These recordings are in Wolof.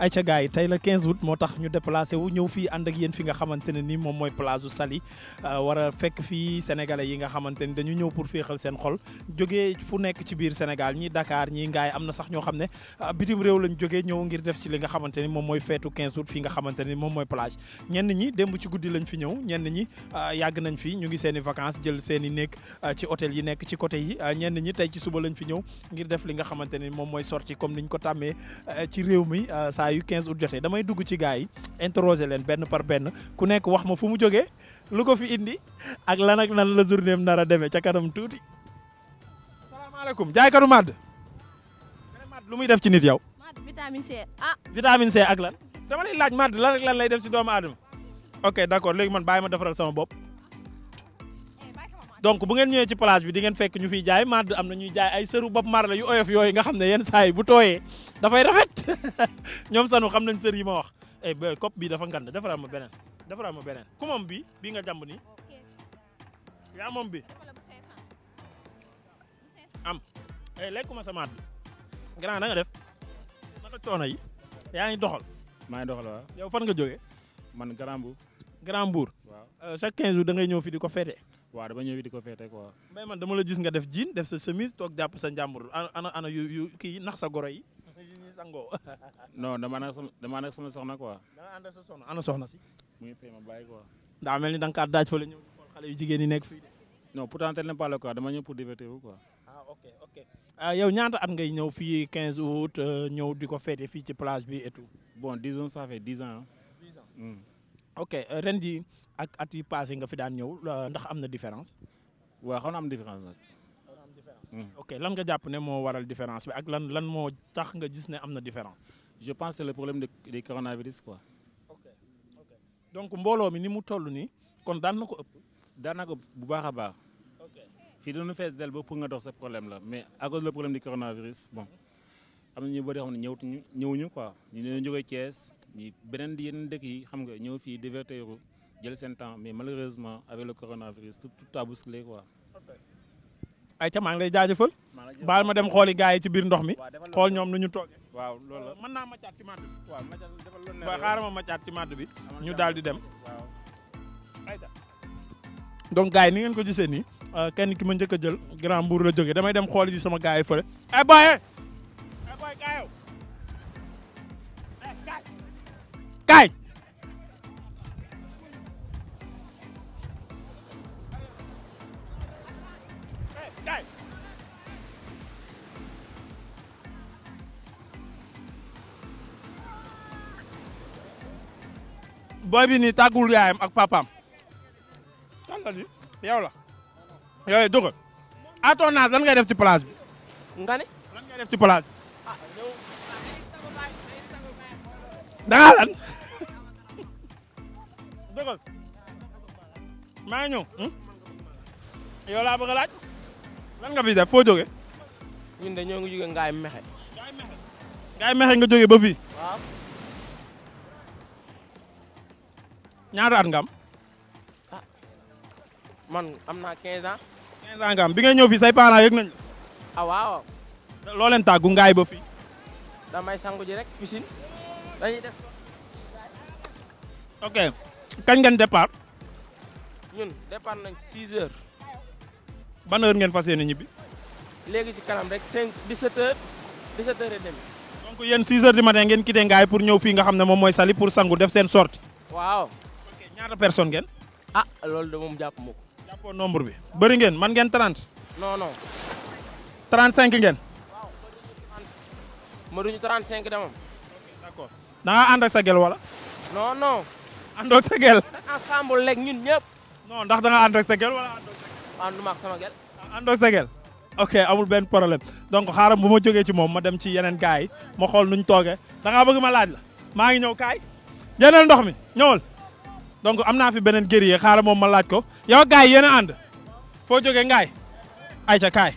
ay gars yi tey la 15 août moo tax ñu déplacé wu ñëw fii ànd ak yéen fi nga xamante ne ni moom mooy place u Saly euh, war fekk fii sénégalais yi nga xamante ni dañu ñëw pour féexal seen xol jógee fu nekk ci biir Sénégal ñi Dakar ñi ngaay am na sax ñoo xam ne ah, bitim réew lañ jógee ñëw ngir def ci li nga xamante ni moom mooy feetu 15 août fi nga xamante ni moom mooy plage ñenn ñi démb ci guddi lañ fi ñëw ñenn ñi ah, yàgg nañ fi ñu ngi seen i vacances jël seeni néeg nekk ah, ci hôtel yi nekk ci côté yi ñenn ñi tey ci suba lañ fi ñëw ngir def li nga xamante ni moom mooy sortie comme niñ ko tàmmee ci réew mi saa saa yu 15 août jotee damay dugg ci gars yi interroger leen benn par benn ku nekk wax ma fu mu jógee lu ko fi indi ak lan ak nan la journée am nar a demee ca kanam tuuti. salaamaaleykum jaaykatu màdd. màdd lu muy def ci nit yow. màdd vitamine C ah. vitamine C ak lan. dama lay laaj màdd lan lan lay def ci doomu aadama. ok d'accord léegi man bàyyi ma defaral sama bopp. donc bu ngeen ñëwee ci place bi di ngeen fekk ñu fiy jaay màdd am na ñuy jaay ay sëru Bob Marley yu oyof yooyu nga xam ne yenn saay yi bu tooyee dafay rafet ñoom sanu xam nañ sër yi ma wax eh ba cop bii dafa ngand dafa ma beneen defaraat ma beneen ku moom bi bii nga jàmb nii yaa moom bi am eh lekkuma sa màdd bi grand da nga def naka coono yi yaa ngi doxal maa ngi doxal waaw yow fan nga jóge man Grand Mbour Grand buur waaw euh, chaque 15 jours da ngay ñëw fi di ko fête waaw dama ñëw di ko feete quoi. mbay man dama la gis nga def jiin def sa chemise toog jàpp sa njàmbur ana ana yu yu kii nax sa goro yi. yi ñuy sangoo. non dama nag sama dama nag sama soxna quoi. dama sa soxna ana soxna si. mu ma bàyyi quoi. daa mel ni da nga la ñëw xool xale jigéen yi nekk fii de. non pourtant tel dama ñëw pour divertir vous quoi. Ah, ah yow ñaata at ngay ñëw fii 15 août euh, ñëw di ko feete fii ci plage bi et tout. bon disons ça fait 10 ans. ans. Mm. ok euh, ren ji ak at yi nga fi daan ñëw euh, ndax am na différence. waaw xaw na am différence hmm. ok lan nga jàpp ne moo waral différence bi ak lan lan moo tax nga gis ne am na différence. je pense c'est le problème de du coronavirus quoi. ok donc mbooloo mi ni mu toll nii kon daan na ko ëpp. daan na bu baax a baax. ok fii dañu fees del ba pour nga dox sa problème la mais à cause le problème du coronavirus bon am na ñu bëri xam ne ñëwatuñu ñëwuñu quoi ñu ne jógee Thiès. ñi beneen yeneen dëkk yi xam nga ñëw fii divertiru jël seen temps mais malheureusement avec le coronavirus tout tout a bousculé quoi. ay ca maa ngi lay jaajëfal. baal ma dem xooli gars yi ci biir ndox mi. xool ñoom nu ñu toog. waaw loolu la mën naa ma caat ci madd bi. waaw ma ci madd bi. ñu daal di dem. donc gars yi ni ngeen ko gisee nii. Euh, kenn ki ma njëkk jël grand mbuur la jógee damay dem xooli ci sama gars yi fële. ay eh, kaay booy bi ni tàggul yaayam ak papam kan la di yow la yooyu dugal à ton âge lan ngay def ci place bi nga ne lan ngay ci place dëggal maa ngi ñëw. Hmm? yow laa bëgg a laaj. lan nga fi def foo jógee. ñun de ngi jógee Ngaye Mexe. Ngaye Mexe nga jógee ba fii. waaw. ñaata ah, man am naa 15 ans. 15 ans nga bi ngay ñëw fii say parents yëg nañu. ah waaw. loo leen ba fii. damay sangu ji rek piscine. dañuy def. ok. kañ ngeen départ. ñun départ nañ 6 heures. ban heure ngeen fas yéene ñibbi. léegi ci kanam rek 5 17 heures 17 heures et demi. donc yéen 6 heures du matin ngeen quitté ngaay pour ñëw fii nga xam ne moom mooy Saly pour sangu def seen sortie. waaw. ok ñaata personne ngeen. ah loolu de moom jàpp ma ko. nombre bi bëri ngeen man ngeen 30. non non. 35 ngeen. ma duñu 35 de moom. d' accord da nga ànd sa gel wala. non non. àndoog sa gel. ensemble rek ñun ñëpp. non ndax da nga àndoog sa gel wala àndoog sa gel. ànduma ah, ak sama gel. àndoog sa gel. ok amul benn problème donc xaaral bu ma jógee ci moom ma dem ci yeneen gars yi ma xool nuñ toogee da ngaa bëgg ma laaj la maa ngi ñëw kaay. yeneen ndox mi ñëwal donc am naa fi beneen guerrier xaaral moom ma laaj ko yow gars yi yéen a ànd foo jógee ngaay ayca kaay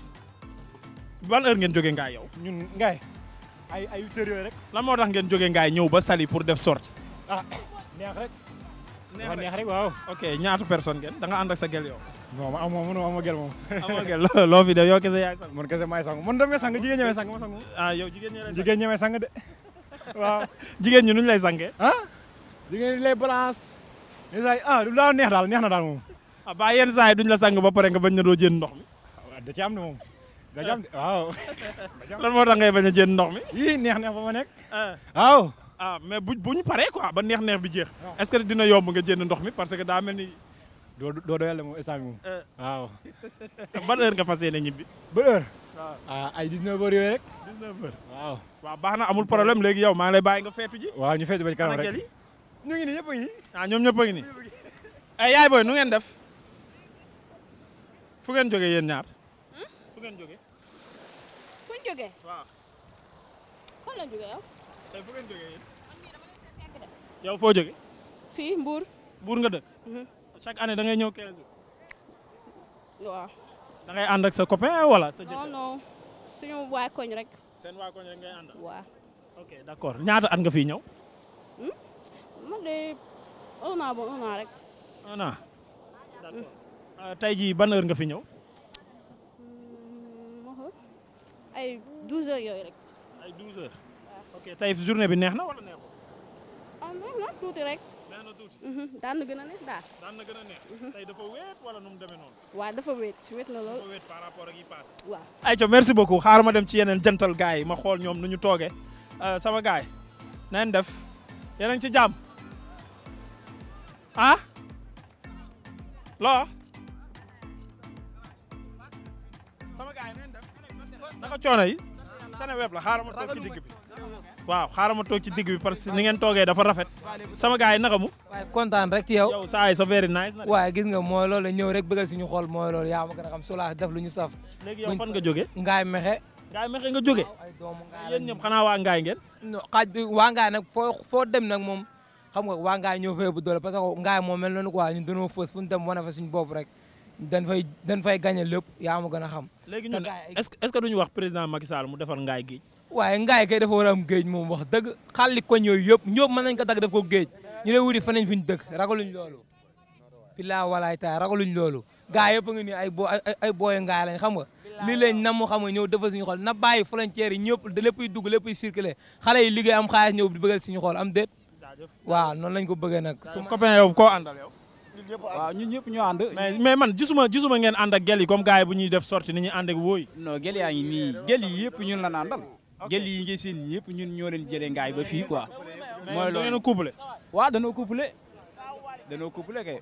ban heure ngeen jógee ngaay yow. ñun ngaay ay ay huit heures yooyu rek. lan moo tax ngeen jógee ngaay ñëw ba Saly pour def sortie ah neex rek. dafa neex rek waaw. ok ñaata personne ngeen da nga ànd ak sa gel yow. non ma amoo mënoo amoo gel moom. amoo gel loo fi def yow kese yaay sang. man kese maay sang man damay sang jigéen ñemee sang ma sang. ah yow jigéen ñemee sang jigéen ñi nuñ lay sangee. ah jigéen ñi lay ah, neex daal neex na daal moom. ah saa duñ la sang ba pare nga bañ na doo jën ndox mi. Ah, da ci am ne moom. da ci am de waaw. lan moo tax ngay bañ ndox mi. neex neex ba ma nekk. Ah. waaw. ah mais bu bu ñu paree quoi ba neex neex bi jeex. est-ce que dina yomb nga jënd ndox mi parce que daa mel ni. doo doo doyal moom euh. waaw. ban heure nga fas yéene ñibbi. ba ah. ah, ay 19 heures yooyu waaw. waaw na amul problème léegi yow maa ngi lay bàyyi nga feetu ji. waaw ñu feetu ba ci kanam rek ñu ngi nii ñëpp a ngi. ah ñoom ñëpp a ngi nii. Eh, yaay booy nu ngeen def. fu ngeen jógee yéen ñaar. Hmm? fu ngeen jógee. fu ñu jógee. waaw. yow foo jóge fii mbuur Mbour nga dëkk. Mhm. chaque année da ngay ñëw 15 jours. sa copain wala sa. non non suñu waa koñ rek. seen waa koñ rek ngay àndal. waaw. accord ñaata at nga fii ñëw. Hmm? man de un ba un an rek. un an. Euh, tey jii ban nga fi ñëw. Hmm, ay 12 heures yooyu bi neex na wala neexul. ah non mhm, daan na gën a neex daal. daan na gën a mhm. dafa wéet wala nu mu demee noonu. waaw dafa wéet wéet na lool. dafa wéet merci beaucoup xaaral ma dem ci yeneen jantal gars yi ma xool ñoom nu ñu tooge euh, sama gars yi def yéen ci jàmm ah loo sama gars yi nañ def naka coono yi web la xaaral ma ci digg waaw xaaral ma toog ci digg bi parce que ni ngeen toogee dafa rafet sama gars yi naka mu. waaye kontaan rek ci yow. yow saa yi sa very nice na waaye gis nga mooy loolu la ñëw rek bëggal suñu xol mooy loolu a xam Soulage def lu ñu saf. léegi yow fan nga jógee. Ngaay Mexe. Ngaay Mexe nga jógee. yéen ñëpp xanaa waa Ngaay ngeen. non xaaj bi waa Ngaay nag foo foo dem nag moom xam nga waa Ngaay bu doole parce que Ngaay moom mel noonu quoi ñun dañoo dem wane fa suñu rek dañ fay dañ fay gagné lépp yaa ma gën a xam. léegi ñun est-ce que duñu wax président Macky Ngaay gi waaye ngaay kay dafa war a am géej moom wax dëgg xalli koñ yooyu yëpp ñëpp mën nañ ko dagg def ko géej ñu ne wuti fanañ fi ñu dëkk ragaluñ loolu bilaa walaay taa ragaluñ loolu gaa yëpp a ngi nii ay boo ay booy ngaay lañ xam nga lii lañ nam xam nga ñëw defal suñu xool na bàyyi frontière yi ñëpp léppuy dugg léppuy circuler xale yi liggéey am xaalis ñëw di bëggal suñu xool am déet waaw noonu lañ ko bëggee nag su copain yow koo àndal yow waaw ñun ñëpp ñoo ànd mais mais man gisuma gisuma ngeen ànd ak gel yi comme gars yi bu ñuy def sorti ni ñuy ànd ak wóoy non gel yaa ngi nii gel yi yëpp ñun la àndal jël yi ngi seen yëpp ñun ñoo leen jëlee ngaay ba fii quoi. mooy loolu dañoo couplé. waaw dañoo couplé dañoo couplé kay.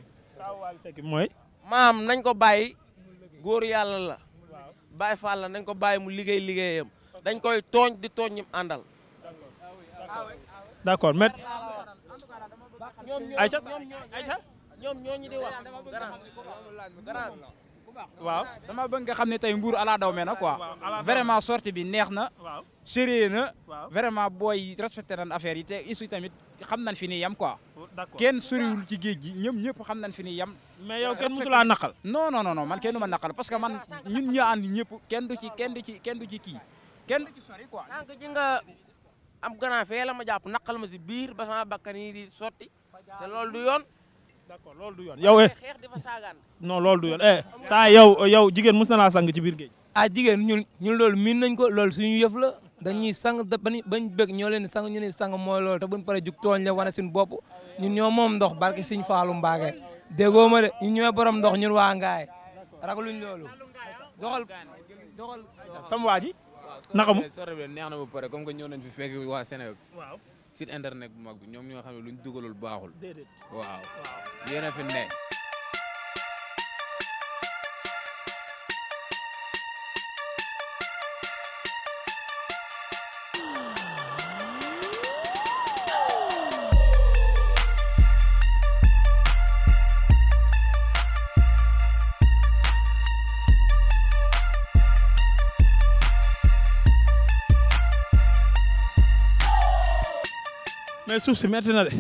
mooy. maam nañ ko bàyyi góor yàlla la bàyyi faal nañ ko bàyyi mu liggéey liggéeyam dañ koy tooñ di tooñ ñim àndal. d'accord merci. ñoom ñoo ñoom ñoo di wax. waaw dama bëgg xam ne tey mbuur ala daw mee na quoi vraiment sortie bi neex na sérieux na vraiment booy respecté nañ affaire yi te isu tamit xam nañ fi ni yem quoi oh, kenn soriwul ci géej gi ñëm ñëpp xam nañ fi ni yem mais yow kenn mosulaa naqal non non non man kenn ma naqal parce que man ñun ñi ànd ñëpp kenn du ci du ci kenn du ci kii kenn du ci sori quoi sànq ji nga am grand fee la ma jàpp naqal ma si biir ba sama bakkan di sotti te loolu du yoon d'accord loolu du yoon yow eh non loolu du yoon eh saa yow yow jigéen mos na laa sang ci biir géej ah jigéen ñun ñun loolu miin nañ ko loolu suñu yëf la dañuy sang bañ bañ bëgg ñoo leen sang ñu ne sang mooy loolu te buñ pare jug tooñ la wane suñu bopp ñun ñoo moom ndox barke suñ faalu mbaage déggoo ma de ñun ñooy borom ndox ñun waa ngaay ragaluñ loolu doxal doxal sama waa ji naka mu neex na ba pare comme nañ site internet bu mag bi ñoom ñoo xam ne lu ñu dugalul baaxul. déedéet waaw. yéen a fi ne. mais suuf si metti na de.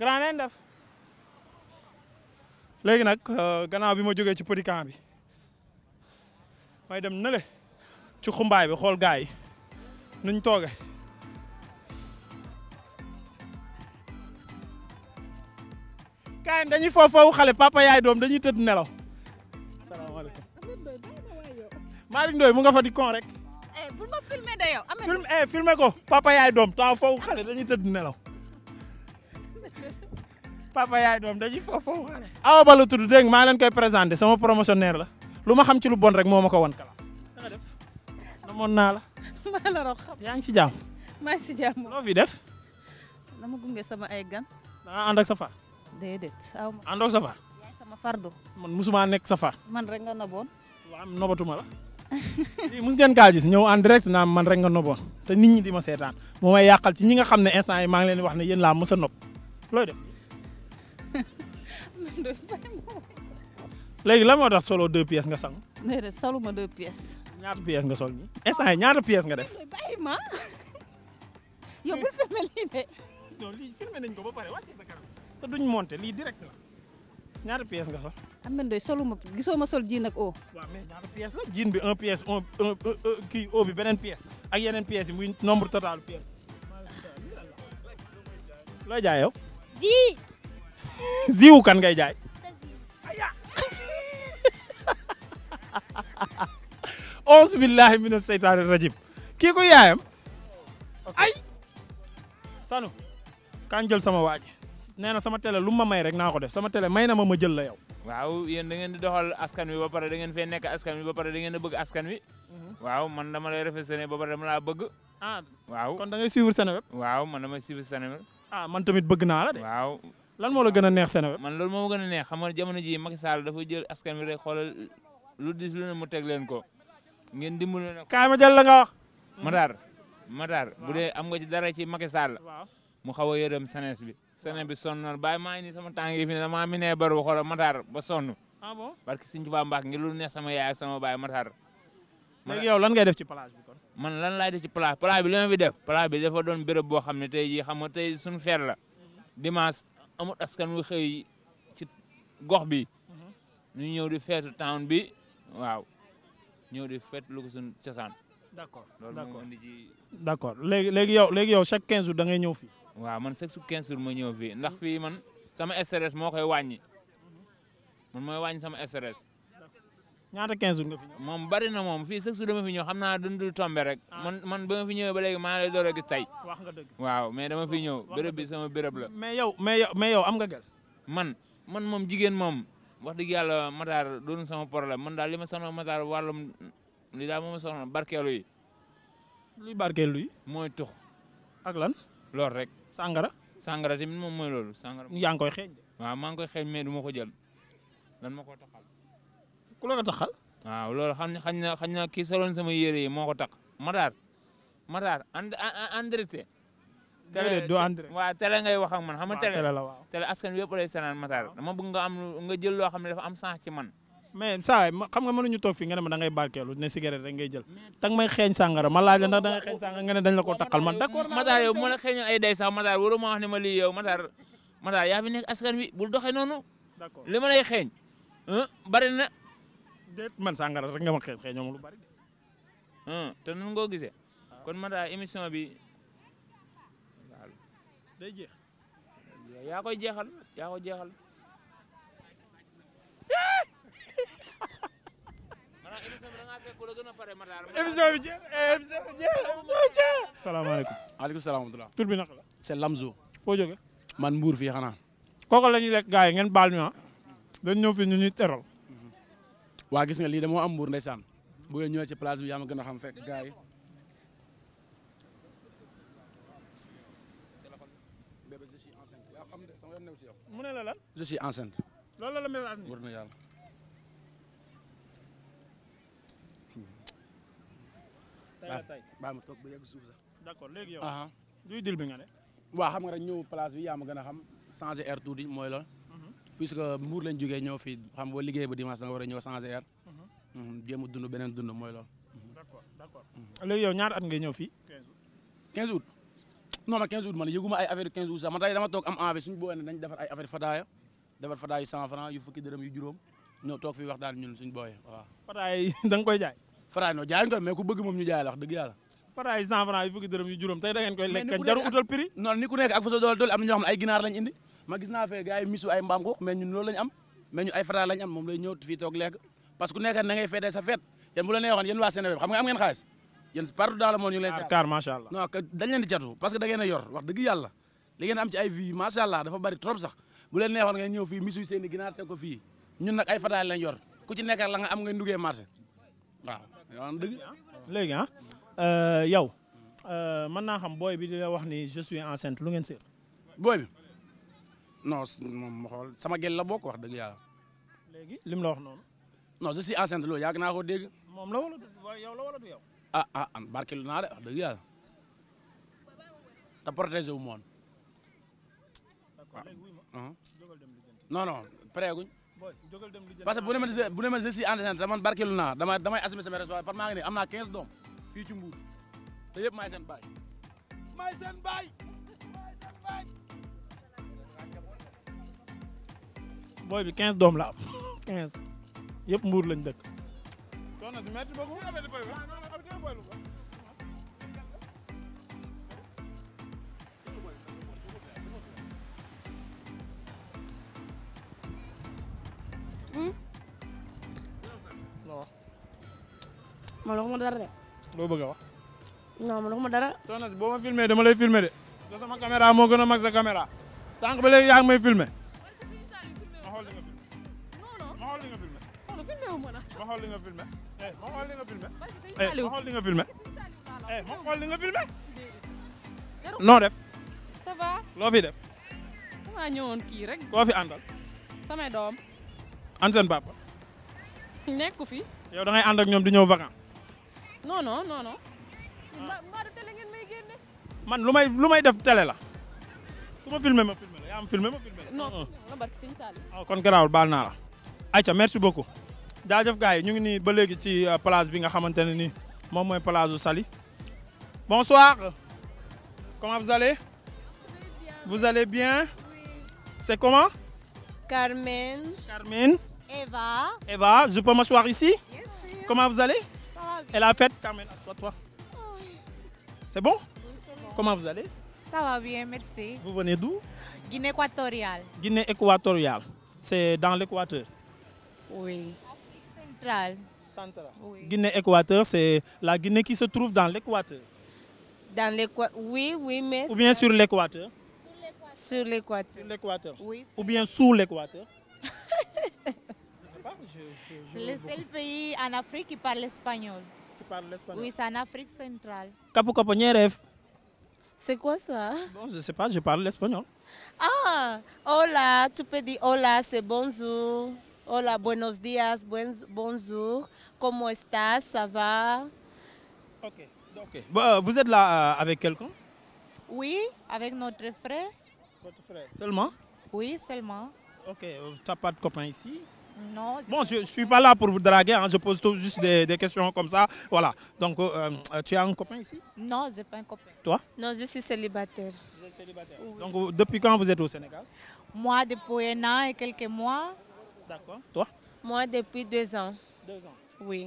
grand nañ def. léegi nag euh, gannaaw bi ma jógee ci petit bi may dem nële ci xumbaay bi xool gaay yi nuñ tooge kaay dañuy foofu foofu xale papa yaay doom dañuy tëdd nelaw salaamaaleykum Malick Ndoye mu nga fa di rek eh bu de yow. am eh, ko papa yaay doom temps foofu xale dañuy tëdd nelaw papa yaay doom dañuy foofu foofu xale. awa ba tudd dégg maa leen koy présenté sama promotionnaire la lu ma xam ci lu boon rek moo ma ko wan kalaas. naa la. maa la xam yaa ngi si jàmm. maa ngi si jàmm loo fi def. dama gunge sama ay gan. da ngaa ànd ak sa far. déedéet aw nekk sa man rek nga noboon. waaw la. lii mus ngeen kaa gis ñëw en direct naa man rek nga noboon te nit ñi di ma seetaan moo ma yàqal ci ñi nga xam ne stan yi maa ngi leen di wax na yéen laa mës a nopp looy def. léegi moo tax solo deux pièces nga sang. déedéet soluma deux pièces. ñaata pièces nga sol nii instant yi ñaata pièces nga def. ma de. non lii filmé nañ ko ba pare wàcce sa kanam te lii ñaata pièce nga sol. am ah, na doy soluma gisoo ma sol jiin o. la jiin bi un pièce un un kii bi beneen pièce ak yeneen pièces yi muy nombre total pièce. looy jaay yow. zi. ziwu kan ngay jaay. auzu billahi mina seytaani rajim kii ko yaayam ay sanu kan sama waaji nee na sama télé lu ma may rek naa ko def sama télé may na ma ma jël la yow. waaw yéen da ngeen di doxal askan wi ba pare da ngeen nekk askan wi ba pare da ngeen a bëgg askan wi. Mhm. waaw man dama lay rafetlu ba pare dama laa bëgg. ah waaw kon da ngay suivre Seneweb. waaw man damay suivre Seneweb. ah man tamit bëgg naa la de. waaw lan moo la gën a neex Seneweb. man loolu moo ma gën a neex xam nga jamono jii Macky Sall dafa jël askan wi rek xoolal lu dis lu ne mu teg leen ko ngeen di na. kaay ma jël la nga wax. Matar Matar bu dee am nga ci dara ci Macky Sall mu xaw a yërëm senes bi sene bi sonn noonu bàyyi maa sama tànk yi fi ne damaa mi nee bari xoolal Matar ba sonn. ah bon parce que Sëñ yow lan ngay def ci plage bi kon. man lan laay def ci plage plage bi li ma fi def. plage bi dafa doon béréb boo xam ne tey jii xam nga tey suñu feer la. dimanche amul askan wu xëy gox bi. Mhm. ñu ñëw di feetu town bi waaw ñëw di feet lu ko suñu cosaan. d' accord d' accord loolu moo yow léegi yow chaque 15 jours da ngay ñëw fii. waaw man chaque jour 15 jours ma ñëw fii ndax fii man sama stress moo koy wàññi man mooy wàññi sama stress. ñaata 15 jours nga fi ñëw. moom bari na moom fii chaque jour dama fi ñëw xam naa dundul tombe rek. Ah. man man ba ma fi ñëwee ba léegi maa lay door a gis tey. wax nga dëgg waaw mais dama fi ñëw béréb bi sama la. mais yow mais mais yow am nga gel. man man moom jigéen moom wax dëgg yàlla Matar doon sama problème man daal li ma sonal Matar wàllum li daal moom ma sonal yi. luy barkeelu yi. mooy tux. lan. loolu rek. sangara sangara tamit moom mooy loolu sàngara yaa ngi koy xeeñ waaw maa ngi koy xeeñ mais du ko jël ma ko taxal ku la ko taxal xam ne xañ na xañ na kii soloon sama yére yi moo ko tax mataar mataar and andrité télé du andré waaw télé ngay wax ak man xam nga télé télé askan bi nga jël loo xam ne dafa am sens ci man mais saa ma xam nga mënuñu toog fii nga ne ma da ngay barkeelu ne cigarette rek ngay jël tag may xeeñ sàngara ma laaj la ndax da ngay xeeñ sàngara nga ne dañ la ko takkal man d'accord Matar yow ma la xeeñoon ay day sax Matar ma wax ne ma lii yow Matar Matar yaa fi nekk askan bul doxee noonu d'accord li ma lay bari na déet man sàngara rek nga ma xeeñ xeeñoo lu bari te nun ngoo kon Matar émission bi day jeex yaa koy jeexal yaa koy émission bi jeex eh, émission bi jeex émission bi jeex. salaamaaleykum. salaam wa rahmatulah. tur bi naka la. c'est Lamzo. foo jógee. man mbuur fii xanaa. kooku la ñuy lekk gars yi ngeen baal ñu ah. dañ ñëw fi ñu ñuy teral. waa gis nga lii demoo am Mbour ndeysaan. bu ngeen ñëwee ci place bi yaa ma gën a xam fekk gars yi. mu ne la lan. tey bàyyi ma toog ba yegg suuf sax. d'accord léegi yow. luy dil bi nga ne. waaw xam nga rek ñëw place bi yaa ma gën a xam changer air tuuti mooy lool. Mhm. puisque Mbour lañ jógee ñëw fii xam boo liggéey ba dimanche da nga war a ñëw changer air. Mhm. Mhm, jéem a beneen dund mooy lool. d'accord d'accord. ñaar at ngay ñëw fii. 15 août. ma 15 août man ay affaire 15 août sax man tey dama toog am envie suñu boolee ne dañ defar ay affaire fadaaya defar fadaay yu 100 francs yu juróom ñoo toog fii waxtaan ñun suñu booyee waaw. faraay noo jaayuñ ko mais ku bëgg moom ñu jaay la wax dëgg yàlla faraay yi cent franc yi fukki dërëm yu juróom tey da ngeen koy lekk jaru utal prix non ni ku nekk ak fa sa doole doole am na ñoo xam ne ay ginaar lañ indi ma gis naa fee gars yi misu ay mbaam xuux mais ñun loolu lañ am mais ñu ay faraay lañ am moom lay ñëw fii toog lekk parce que ku nekk na ngay feetee sa feet yéen bu la neexoon yéen waa Sénégal xam nga am ngeen xaalis yéen partout dans le monde ñu ngi leen ah, car macha allah non dañ leen di catu parce que da ngeen a yor wax dëgg yàlla li ngeen am ci ay vie macha allah dafa bari trop sax bu leen neexoon ngeen ñëw fii misuy seen i ginaar teg ko fii ñun nag ay fataay lañ yor ku ci nekkal la nga am ngay ndugee marché waaw dëgg léegi ah euh, yow euh, mën naa xam booy bi di wax ni je suis enceinte lu ngeen seet. booy bi non sama gel la bokk wax dëgg yàlla. léegi lim la wax noonu. non je suis enceinte loolu yàgg naa ko dégg. moom la wala du yow la wala du naar ah ah an barkeelu naa de wax dëgg yàlla te protégé wu ma woon. Ah, ah. non parce que e ne ma bu ne ma je suis entraîneur dama barkeelu naa damay assumer sama par maa ne am naa 15 doom fii ci Mbour te yëpp maay seen baay maay seen baay bi 15 doom la am 15 yëpp Mbuur lañ loo bëgg a wax. non man waxuma dara. soxna si boo ma filmé dama lay filmé de. sama caméra moo gën a mag sa caméra. sànq ba léegi yaa ma xool li nga filmé. ma xool li nga filmé. Eh, eh, eh, noo def. loo fi def. damaa ñëwoon kii rek. koo fi àndal. samay doom. an seen papa. nekku fi. yow da ngay ñoom di ñëw vacances. non non non ah. man lu may lu may def télé la. ku ma ma filmé la yaa am filmé ma filmé la. non non ah. barke Sëñ Sall. Ah, kon garaawul baal naa la. ayca merci beaucoup. jaajëf gars yi ñu ngi nii ba léegi ci euh, place bi nga xamante ne nii moom mooy place u Saly. bonsoir. comment vous allez. vous allez bien. c'est comment. Carmen. Carmen. Eva. Eva je peux m'asseoir ici. vous allez. Et la fête t'amène à toi, oh. C'est bon? Comment vous allez? Ça va bien, merci. Vous venez d'où? Guinée équatoriale. Guinée équatoriale. C'est dans l'équateur. Oui. Centrale. Guinée équateur, c'est la Guinée qui se trouve dans l'équateur. Dans l'équateur. Oui, oui, mais Ou bien sur l'équateur? Sur l'équateur. Sur l'équateur. Oui. Ou bien C'est le seul pays en Afrique qui parle espagnol. Qui parle c'est quoi ça Bon, je pas, je parle l'espagnol. Ah, hola, tu peux dire hola, c'est bonjour. Hola, buenos días, bonjour. Comment estás? Ça va vous êtes là euh, avec quelqu'un Oui, avec notre frère. Seulement Oui, seulement. Ok, euh, tu n'as pas ici Non. Bon, je ne suis pas là pour vous draguer, je pose tout juste des, questions comme ça. Voilà. Donc, euh, euh tu as un copain ici Non, je n'ai pas un copain. Toi Non, je suis célibataire. Vous Donc, depuis quand vous êtes au Sénégal Moi, depuis un an et quelques mois. D'accord. Toi Moi, depuis deux ans. Deux ans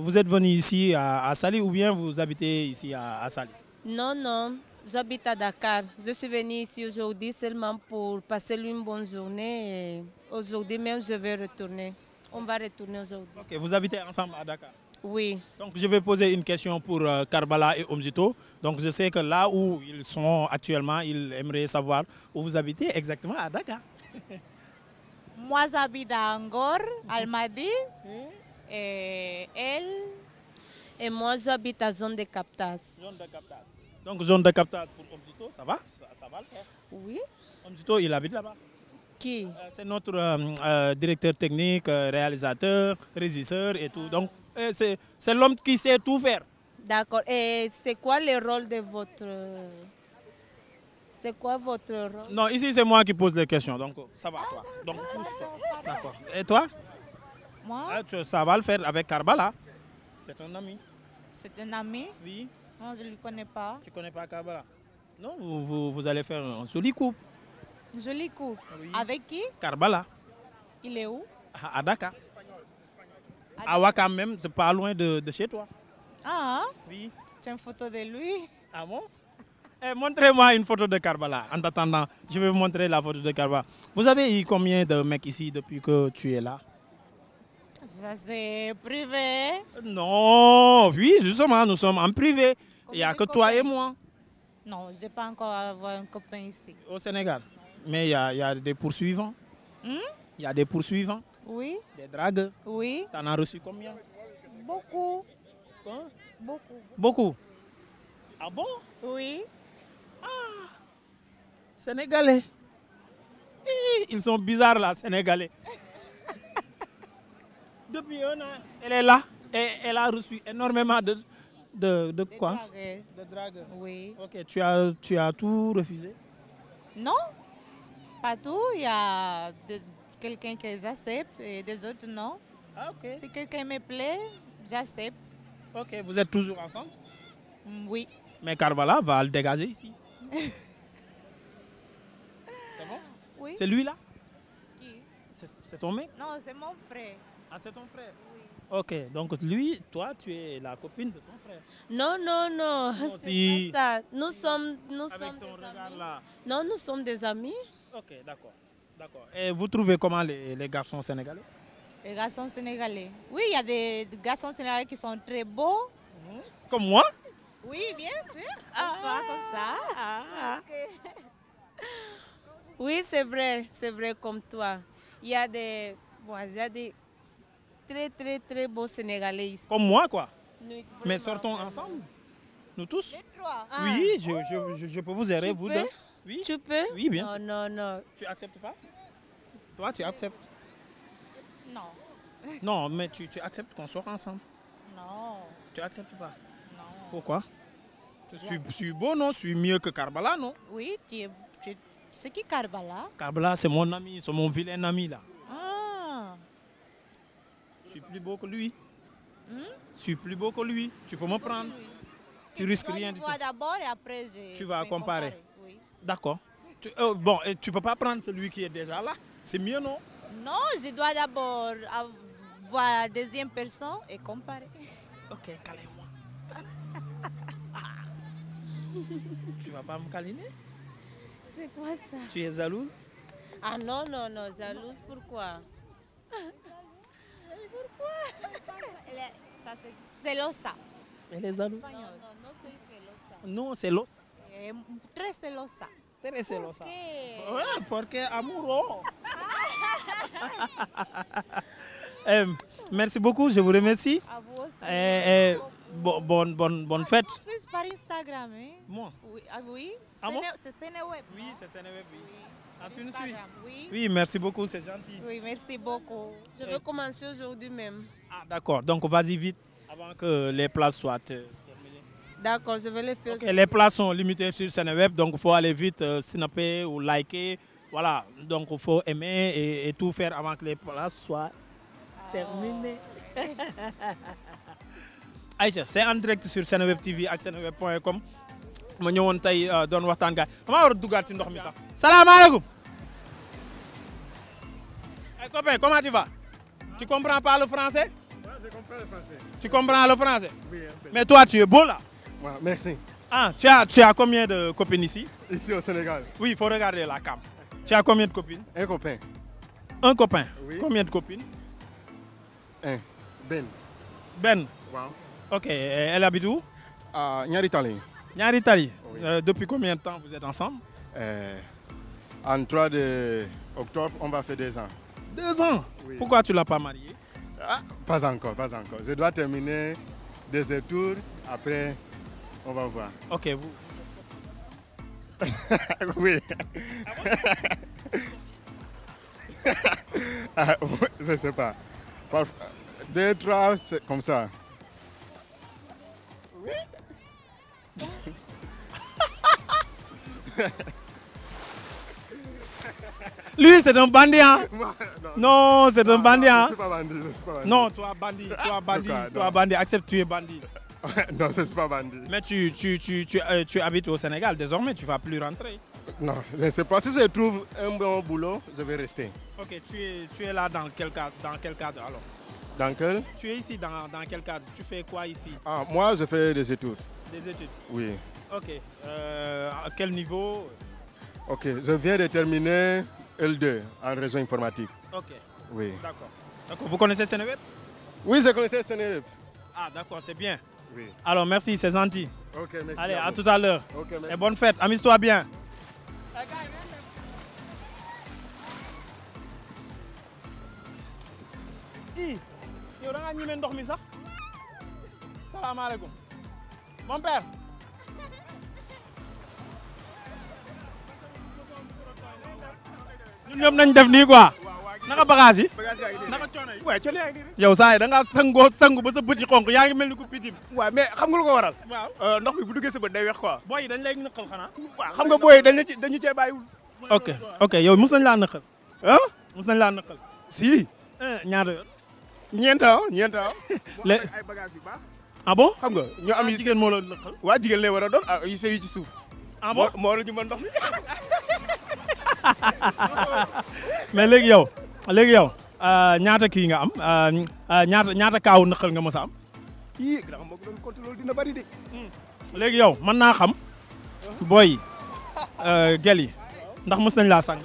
Vous êtes venu ici à, Sali ou bien vous habitez ici à Sali Non, non. J'habite à Dakar. Je suis venue ici aujourd'hui seulement pour passer une bonne journée. Aujourd'hui même, je vais retourner. On va retourner aujourd'hui. vous habitez ensemble à Dakar Oui. Donc je vais poser une question pour euh, Karbala et Omzito. Donc je sais que là où ils sont actuellement, ils aimeraient savoir où vous habitez exactement à Dakar. Moi, j'habite à Angor, mhm. Almadi, et elle. Et moi, j'habite à Zone de Captas. Donc zone de captage pour Omzito, ça va ça, ça va le faire Oui. Omzito, il habite là Qui euh, C'est notre euh, euh, directeur technique, réalisateur, régisseur et tout. Donc c'est c'est l'homme qui sait tout faire. Et c'est quoi le rôle de votre c'est quoi votre rôle Non, ici c'est moi qui pose les questions. Donc ça va ah, Et toi Moi ah, le faire avec Karbala. C'est un ami. C'est un ami Non, je ne le connais pas. Non, vous, allez faire joli coup. Joli coup Avec qui Karbala. Il est où À Dakar. À Wakam même, c'est pas loin de, chez toi. Ah Oui. photo de lui Ah bon eh, moi une photo de Karbala. En je vais vous la photo de Karbala. Vous avez eu combien de mecs ici depuis que tu es là c'est privé. Non, justement, nous sommes en privé. Il n'y a que toi et moi. Non, je pas encore avoir un copain ici. Au Sénégal Mais il y a, des poursuivants. Il y a des hmm? dragues. Oui. Tu en reçu combien Beaucoup. Ah bon Oui. Ah Ils sont bizarres là, Sénégalais. Depuis elle est là elle a reçu énormément De, de quoi draguer. De drague. Oui. Ok, tu as, tout refusé Non, pas tout. y a quelqu'un qui accepte des autres non. Ah, si quelqu'un me plaît, j'accepte. vous êtes toujours ensemble mm, Oui. Mais Carvala va le dégager ici. c'est lui là C'est ton mec Non, c'est mon frère. Ah, Ok, donc lui, toi, tu es la copine de son frère. Non, non, non. non si... ça. Nous sommes, nous Avec sommes des Non, nous sommes des amis. Ok, d'accord. D'accord. Et vous trouvez comment les, les garçons sénégalais Les garçons sénégalais. y a des garçons sénégalais qui sont très beaux. Mmh. Comme moi Oui, ah, ah, toi, comme ça. Ah, ah. Okay. oui, c'est vrai, y a des... Bon, il très, très, très beaux Sénégalais ici. Comme moi, quoi. Oui, Mais sortons vraiment. ensemble, nous tous. Les trois. Ah. Oui, je, oh. je, je, je, peux vous aider, vous peux? deux. Oui. Tu peux Oui, bien sûr. Non, non, non. Tu acceptes pas Toi, tu acceptes Non. Non, mais tu, tu acceptes qu'on sorte ensemble Non. Tu acceptes pas Non. Pourquoi Je suis, yeah. suis, beau, non Je suis mieux que Karbala, non Oui, tu es. Tu... C'est qui Karbala Karbala, c'est mon ami, c'est mon vilain ami, là. Je suis plus beau que lui. Hmm? Je suis plus beau que lui. Tu peux me prendre. Oui. Tu risques rien du tout. d'abord et après je Tu vas comparer. comparer. Oui. D'accord. Tu, euh, bon, et tu peux pas prendre celui qui est déjà là. C'est mieux, non? Non, je dois d'abord voir la deuxième personne et comparer. OK, calme-moi. Ah. Tu vas pas me câliner? C'est quoi ça? Tu es jalouse? Ah non, non, non, jalouse pourquoi? pourquoi Elle est ça, celosa. Elle est celosa. No, no, no soy celosa. No, celosa. Eh, tres celosa. Tres celosa. ¿Por qué? Eh, porque amuro. eh, merci beaucoup, je vous remercie. À vous aussi. Eh, eh, bon, bonne, bonne, bonne fête. Je suis par Instagram. Hein? ¿eh? Moi ah, Oui, ah, oui. c'est Seneweb. Oui, c'est Seneweb, oui. oui. À ah, tout nous suivre. Oui. oui, merci beaucoup, c'est gentil. Oui, merci beaucoup. Je veux commencer aujourd'hui même. Ah, donc, vas-y vite avant que les places soient terminées. Euh, d'accord, je vais les places sont limitées sur donc il faut aller vite euh, snapper ou liker. Voilà, donc il faut aimer et, tout faire avant que les places soient terminées. Ah. c'est en direct sur Sénéweb TV, à sénéweb.com. ma ñëwoon tey euh, doon waxtaan gaay damaa war a ndox mi sax salaamaaleykum ay eh, copain comment tu vas tu comprends pas le français je tu comprends le français mais toi tu es beau là ah, tu as combien de copines ici ici au Sénégal oui il faut regarder la cam tu combien de copines un copain combien de copines un benn benn ok elle habite où à Niary Tally Nyari Tali, oui. euh, depuis combien de temps vous êtes ensemble euh, En 3 de octobre, on va faire deux ans. Deux ans Pourquoi tu l'as pas marié ah, Pas encore, Je dois terminer deux tours, après on va voir. Ok, vous. Ah, je ne pas. Deux, trois, comme ça. Lui, c'est un bandit, hein Non, c'est un bandit, hein non, bandit, non, toi, bandit, toi, bandit, cas, toi, non. bandit, accepte, tu es bandit. non, c'est pas bandit. Mais tu, tu, tu, tu, euh, tu habites au Sénégal, désormais, tu vas plus rentrer. Non, je ne sais pas. Si je trouve un bon boulot, je vais rester. Ok, tu es, tu es là dans quel, cadre, dans quel cadre alors Dans quel Tu es ici dans, dans quel cadre Tu fais quoi ici ah, Moi, je fais des études. Des études Ok. Euh, je viens de terminer L2 en réseau informatique. Ok. vous connaissez Sénéweb Oui, je connaissais Sénéweb. Ah, d'accord, c'est bien. Oui. Alors, merci, c'est gentil. Allez, à, tout à l'heure. Et bonne fête, amuse-toi bien. yow da ngaa ñemee ndox mi sax salaamaaleykum Mon père. nañ def nii quoi. naka bagage yi. naka coono yi. waaw coono yow saa yi da ngaa sangoo sangu ba sa bët yi xonk yaa ngi mel ni ku pitim. waaw mais xam nga lu ko waral. Euh, ndox mi bu duggee sa bët day weex quoi. booy dañ lay nëqal xanaa. waaw xam nga booy yi dañ dañu cee bàyyiwul. ok ok yow mos nañ laa nëqal. ah mos laa nëqal. si. Eh, ñaata yoon. ñeent ah bagage yu baax. ah bon xam nga ñoo am ah, yi moo la lëkkal waa jigéen lay war a doon ah yu sew yi ci suuf ah bon moo la ñu mën ndox mi mais léegi yow léegi yow euh, ñaata kii nga am euh, euh, ñaata ñaata kaawu nëqal nga mës a am ii grand moo doon compte loolu dina bari de hmm. léegi yow mën naa xam booy gel yi ndax mës nañ laa sang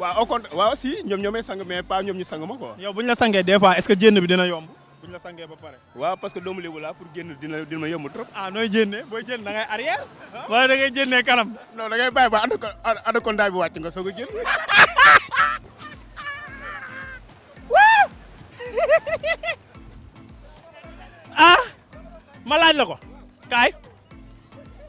waaw au contraire waaw si ñoom ñoomay sang mais pas ñoom ñu sang ma quoi yow bu ñu la sangee des fois est-ce que jénn bi dina yomb buñ la sangee ba pare. waaw parce que doomu lébu laa pour génn dina dina ma yomb trop. ah nooy génne booy génn da ngay arrière. wala da ngay génne kanam. non da ngay bàyyi ba ànd ko ànd ko bi wàcc nga soog a génn. ah ma laaj ko kaay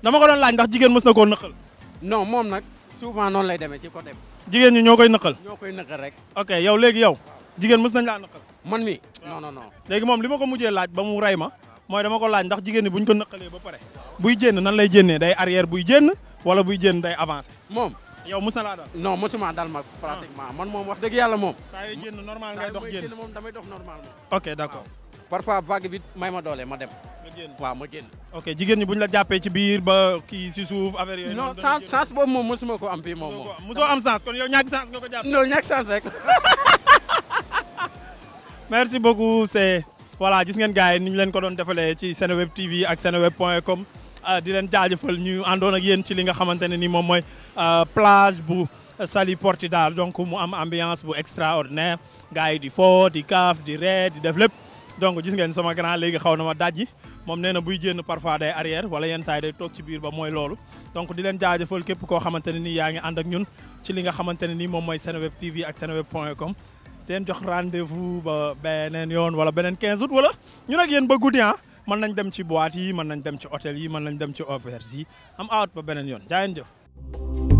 dama ko doon laaj ndax jigéen mës na koon nëqal. no moom nag souvent noonu lay demee ci côté bi. jigéen ñi ñoo koy nëqal. ñoo koy nëqal rek. ok yow léegi yow jigéen mës nañ laa nëqal. man mi non non non. léegi moom li ma ko mujjee laaj ba mu rey ma mooy dama ko laaj ndax jigéen ñi bu ñu ko nëqalee ba pare buy jénn nan lay jénnee day arrière buy jénn wala buy jénn day avancé. moom yow mos na laa dal. non mosuma dal ma pratiquement man moom wax dëgg yàlla moom. saa yoo jénn normal ngay dox jénn moom damay dox normal moom. ok d' accord. parfois vague bi may ma doole ma dem. waaw ma génn. ok jigéen ñi bu ñu la jàppee ci biir ba kii si suuf affaire yooyu. non chance chance boobu moom mosuma ko am fii moom moom. mosoo am chance kon yow ñàkk chance nga ko jàpp. non ñàkk chance rek. merci beaucoup c'est gis ngeen gars yi ni ñu leen ko doon defalee ci Seneweb TV ak seneweb point com euh, di leen jaajëfal ñu àndoon ak yéen ci li nga xamante ne ni moom mooy euh, plage bu Saly Portudal donc mu am ambiance bu extraordinaire gars yi di fo di kaaf di ree di def lépp donc gis ngeen sama grand léegi xaw na ma dajji moom nee na buy jénn parfois day wala yenn saa toog ci biir ba mooy loolu donc di leen jaajëfal képp koo xamante ne nii yaa ngi ànd ak ñun ci li nga xamante ne nii moom mooy seneweb tv ak seneweb point com leen jox rendez-vous ba beneen yoon wala beneen 15 août wala ñu nag yéen ba guddi ah mën nañ dem ci boit yi mën nañ dem ci hôtel yi mën nañ dem ci auberge yi am aawat ba beneen yoon jaayeen jëf